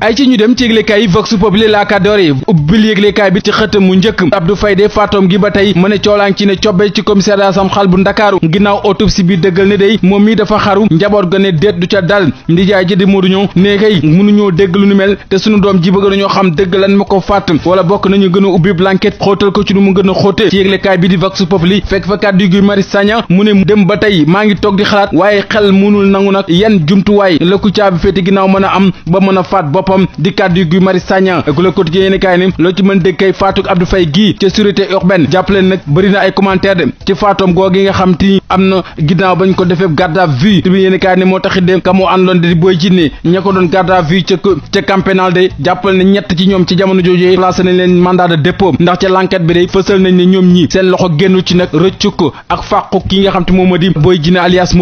ay ci ñu dem ci yëglekaay yi vox populi la kaddoor yi ubbil yëglekaay bi ci xëtam mu njëkk Abdou Faye de faatoom gi ba tey mën a coolaan ci ne cobbe ci commissariat sam xal bu ndakaaru ginnaaw autopsie bi dëggal ne day moom mi dafa xaru njaboot ga ne déet du ca dal ndijaay ji di Modou ñëw nee kay mënuñoo dégg lu nu mel te sunu doom ji bëgg nañoo xam dëgg lan ma ko fàtt wala bokk nañu gën a ubbi blanquette xóotal ko ci nu mu gën a xóote ci yëglekaay bi di vox populi fekk fa kàddu gi Mari Sagna mu ne dem ba tey maa ngi toog di xalaat waaye xel mënul nangu nag yan jumtuwaay la ku caabi féete mën a am ba mën a faat bopp boppam di kàddu yu Guy Marius Sagna ak Le Quotidien yéeni kaay ni loo ci mën dëgg kay faatuk Abdou Faye gii ca sûreté urbaine jàppaleen nag bëri na ay commentaire de ci faatoom googi nga xam ti am na ginnaaw bañ ko defee garde à vue ni moo taxit de ka moo di Boy Djiné ña ko doon garde à ca ca de jàppal ne ñett ci ñoom ci jamono jooju placé nañ leen mandat de dépôt ndax ca l'enquête bi day fësal nañ ne ñoom ñi seen loxo génnu ci a di Boy Djiné alias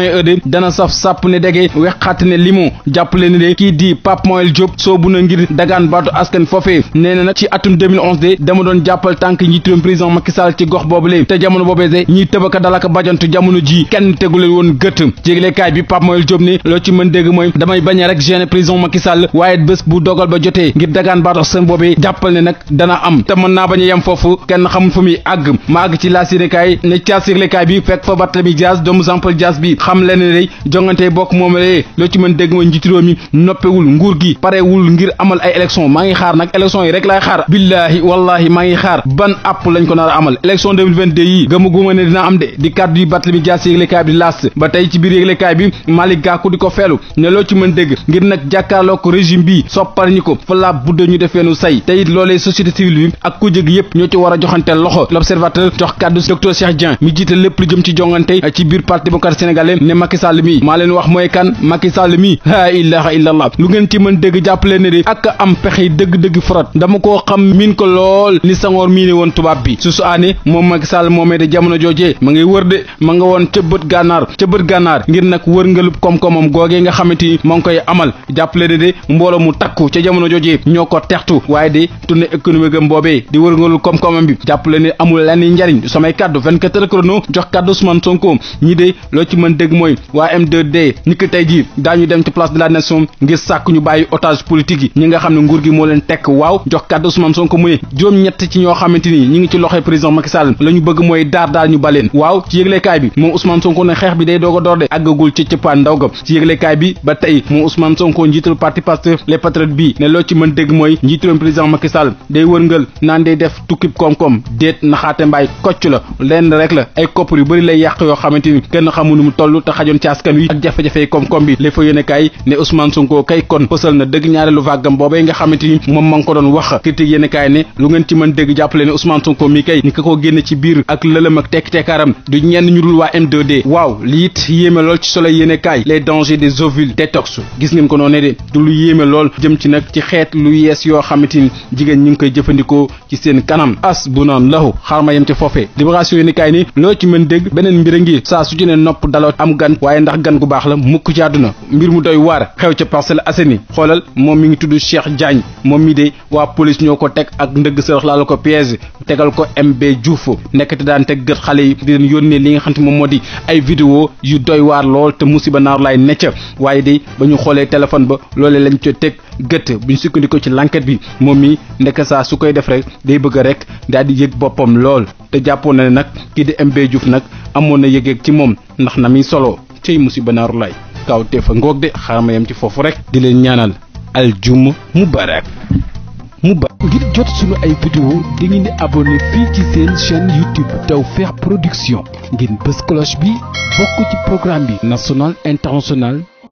point e de dana saf sàpp ne dege wexxaat ne limu jàppale ne de kii di Pape Moël Diop soobu na ngir dagaan baatu askan foofee nee na nag ci atum 2011 de dama doon jàppal tànk njiitum président Macky Sall ci gox boobule gët jéglekaay bi Pape Moël Diop ne loo ci mën dégg mooy damay bañ rek gêner président Macky waaye bés bu dogal ba jotee ngir dagaan baatu askan boobee jàppal ne nag dana am te mën naa bañ a foofu kenn xamul fu muy àgg ma ci laas ne caas yéglekaay bi fekk fa Barthélémy am leen ne day jongante bokk moom lee loo ci mën dégg ma njiitu réew mi noppewul nguur gi parewul ngir amal ay élection maa ngi xaar nag élection yi rek laay xaar billaahi wallahi maa ngi xaar ban app lañ ko nar a amal élection 2022 yi gëmaguma ne dina am de di kàddu yi Barthélémy Dias yëglekaay bi di laas ba tey ci biir yëglekaay bi Malick Gakou di ko feelu ne loo ci mën dégg ngir nag jàkkaarloo ko régime bi soppar ñi ko fa la budde ñu defeenu say te it loolee société civile bi ñoo ci war a joxante loxo l'observateur jox kàddu docteur Cheikh Dieng lépp lu jëm ci jongante ci biir parti démocrate ne Macky Sall mii maa leen wax mooy kan Macky Sall mii laa lu ngeen ci mën dégg jàppale ne de ak am pexe dëgg-dëgg frot dama koo xam min ko lool ni Senghor mii ne woon tubaab bi su su aane moom Macky Sall moomee de jamono joojee ma ngay wër de ma nga woon ca bët gànnaar ca bët gànnaar ngir nag wërngalub koom-koomam googee nga xamante ni ma ngi koy amal jàppale ne de mbooloo mu takku ca jamono joojee ñoo ko textu waaye de tournée économique am mboobee di wërngalub koom bi jàppale ne amul lenn njariñ samay kàddu 24 heures chrono jox kàddu Ousmane Sonko yëg mooy waa M2D ni ki tey jii daañu dem ci place de la nation ngir sàkk ñu bàyyi otage politique yi ñi nga xam ne nguur gi moo leen tekk waaw jox kàddu Ousmane Sonko muy juróom-ñett ci ñoo xamante ni ñi ngi ci loxoy président Macky Sall la ñu bëgg mooy daar daar ñu baleen waaw ci yëglekaay bi moom Ousmane Sonko ne xeex bi day doog a door de àggagul ci cëppaan ndaw ga ci yëglekaay bi ba tey moom Ousmane ko njiital parti Pastef les bi ne loo ci mën dégg la lenn rek la doonul te xajoon ci askan wi ak jafe-jafe koom-koom bi léfa yéene d waaw li it yéeme lool ci soleil yéene kaay les dangers des ovules détox gis ngeen ko noonu de du lu yéeme lool jëm ci nag ci xeet lu yees yoo xamante jigéen ñi ngi koy jëfandikoo ci seen kanam as bu naan lahu xarma yem ca foofee libération yéene ni loo ci mën dégg beneen mbir a ngi saa su ci ne nopp daloo am gan waaye ndax gan gu baax la mukk ci àdduna mbir mu doy waar xew ca Parcelles Assainies xoolal moom mi ngi tudd Cheikh Diagne moom mi de waa police ñoo ko teg ak ndëgg sërëx laa la ko piège tegal ko MB Diouf nekkati daan teg gët xale yi di leen yónnee li nga xam te moom moo di ay vidéo yu doy waar lool te musiba naar laay necca waaye dey ba ñu xoolee téléphone ba loolee lañ ca teg gëtt bu ñu sukkandikoo ci lanket bi moom mi ndeke saa su koy def rek day bëgg rek daal di yëg boppam lool te jàppoon na ne nag kii di MB Diouf nag amoon na yëgeeg ci moom ndax na mi solo cey musiba naaru lay kaw te fa ngoog de xaaral ma ci foofu rek di leen ñaanal aljuma mubarak mubarak ngir jot suñu ay vidéo di ngeen di abonné fii ci seen chaîne YouTube Tawfekh Production ngeen bës cloche bi bokk ci programme bi national international